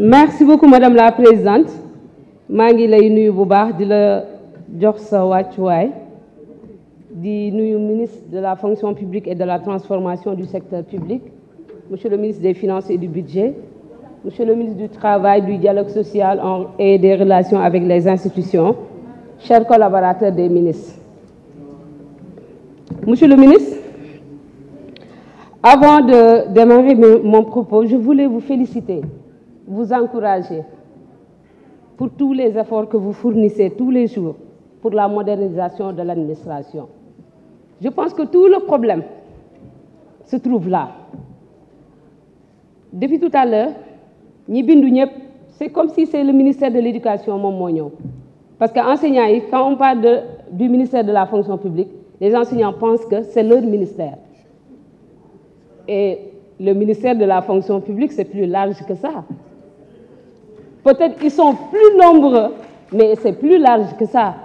merci beaucoup madame la présidente Mangi ngi lay nuyu ministre de la fonction publique et de la transformation du secteur public monsieur le ministre des finances et du budget monsieur le ministre du travail du dialogue social et des relations avec les institutions chers collaborateurs des ministres monsieur le ministre avant de démarrer mon propos je voulais vous féliciter vous encourager pour tous les efforts que vous fournissez tous les jours pour la modernisation de l'administration. Je pense que tout le problème se trouve là. Depuis tout à l'heure, c'est comme si c'est le ministère de l'Éducation, mon moignon. Parce qu'enseignants, quand on parle du ministère de la fonction publique, les enseignants pensent que c'est leur ministère. Et le ministère de la fonction publique, c'est plus large que ça. Peut-être qu'ils sont plus nombreux, mais c'est plus large que ça.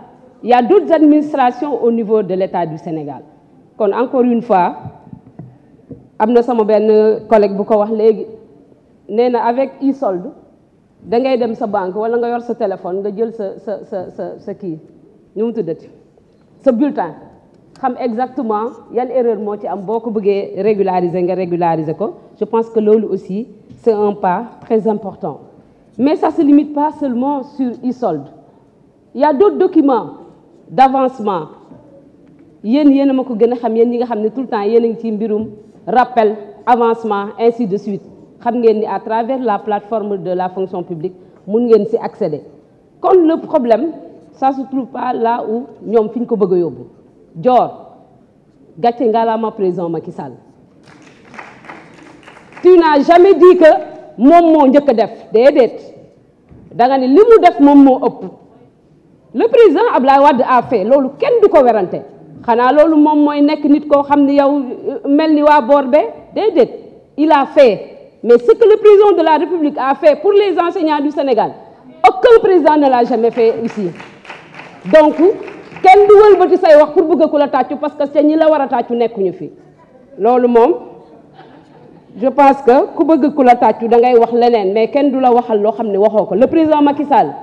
Il y a d'autres administrations au niveau de l'État du Sénégal. Donc, encore une fois am na sama benn collègue bu ko wax avec e-solde da ngay dem sa banque ou nga yor sa téléphone nga jël sa sa sa sa qui, bulletin xam exactement quelle erreur moo ci am boo régulariser nga régulariser je pense que c'est aussi c'est un pas très important mais ça ne se limite pas seulement sur e-solde. Il y a d'autres documents d'avancement. Yen a ko gëna xam nga xamné tout le temps yen ci mbirum rappel avancement ainsi de suite xam ngeen ni à travers la plateforme de la fonction publique mën ngeen ci accéder Comme le problème ça se trouve pas là où nous fiñ ko bëgg travail. Dior, joor gàcce présent, président tu n'as jamais dit que moom moo njëkk def déedéet da nga ni limu def moom ëpp le président Ablaye wad a fait lolu kenn du ko xana lolu mom moy nek nit ko xamni yow euh, mel wa borbe, boor il a fait mais ce que le président de la République a fait pour les enseignants du Sénégal aucun président ne l'a jamais fait ici donc kenn du wëlbati say wax pour bëgg ko la tàccu parce que c'est ñi la war a tàccu nekkuñu fi loolu moom je pense que ku bëgg ku la tàccu da ngay wax leneen mais kenn du la waxal loo ne le président Macky Sall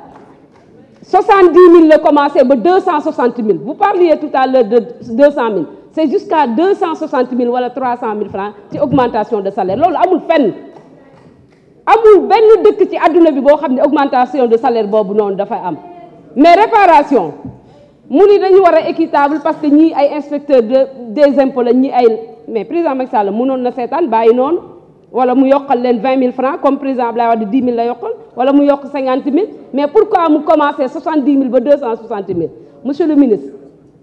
70 000 le commencé ba 260 000 vous parliez tout à l'heure de 200 000 c'est jusqu'à 260 000 wala 300 000 francs ci augmentation de salaire loolu amul fenn amul benn dëkk ci àdduna bi boo xam augmentation de salaire boobu noonu de am mais réparation mu ni dañu équitable parce que ñii ay inspecteur de des impôts la ñii mais président Macky Sall mënon na sétane non wala mu yokal len 20 000 francs comme président Abdoulaye Wade 10 000 la yokal wala mu yok 50 000 mais pourquoi commencer 70 000 ba 260 000 monsieur le ministre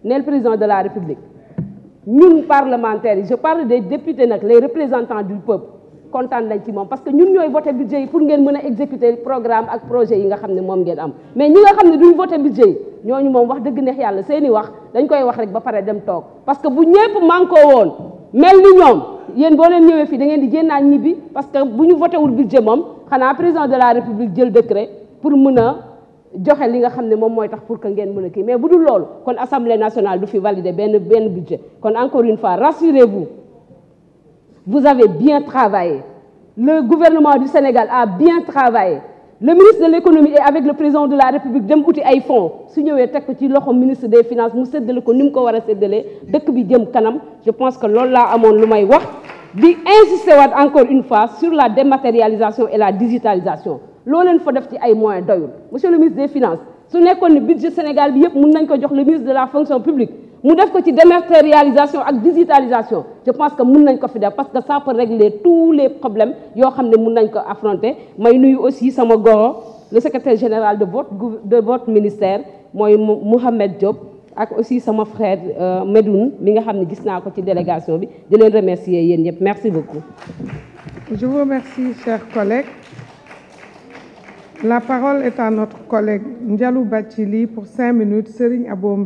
le président de la république nous parlementaires je parle des députés les représentants du peuple contente de ci parce que nous, avons voté le budget pour ngeen mëna exécuter le programme le projet yi nga mais nous, nga voté duñ voter budget Nous, mom wax deug neex yalla seeni wax dañ koy wax rek ba paré dem parce que bu ñepp manko won mel ni ñom yeen bo leen ñëwé fi da ngeen di génnaat bi, parce que nous voté wul budget mom xana président de la république jël décret pour mëna a li nga xamné mom moy tax pour que ngeen mëna ki mais bu dul pas kon assemblée nationale du fi valider ben ben budget kon encore une fois rassurez-vous vous avez bien travaillé le gouvernement du Sénégal a bien travaillé le ministre de l'économie et avec le président de la république dem uti ay fonds su ñëwee tek ko ci loxo ministre des finances mu de ko nim ko wara dès que dëkk bi jëm kanam je pense que lool l'a amone lumay wax di insister waat encore une fois sur la dématérialisation et la digitalisation lo leen fa def ci ay moyens doyul monsieur le ministre des finances su vous ne budget Sénégal bi yépp mën nañ ko jox le ministre de la fonction publique mu def ko ci dématérialisation ak digitalisation je pense que nous nañ faire, parce que ça peut régler tous les problèmes que nous ne ko affronter may nuyu aussi sama le secrétaire général de votre de ministère Mohamed Diop ak aussi mon frère euh, Medoun qui, nga xam ne gis délégation Je les remercie remercier merci beaucoup. Je vous remercie chers collègues. La parole est à notre collègue Ndialou Batili pour 5 minutes, Serigne Abou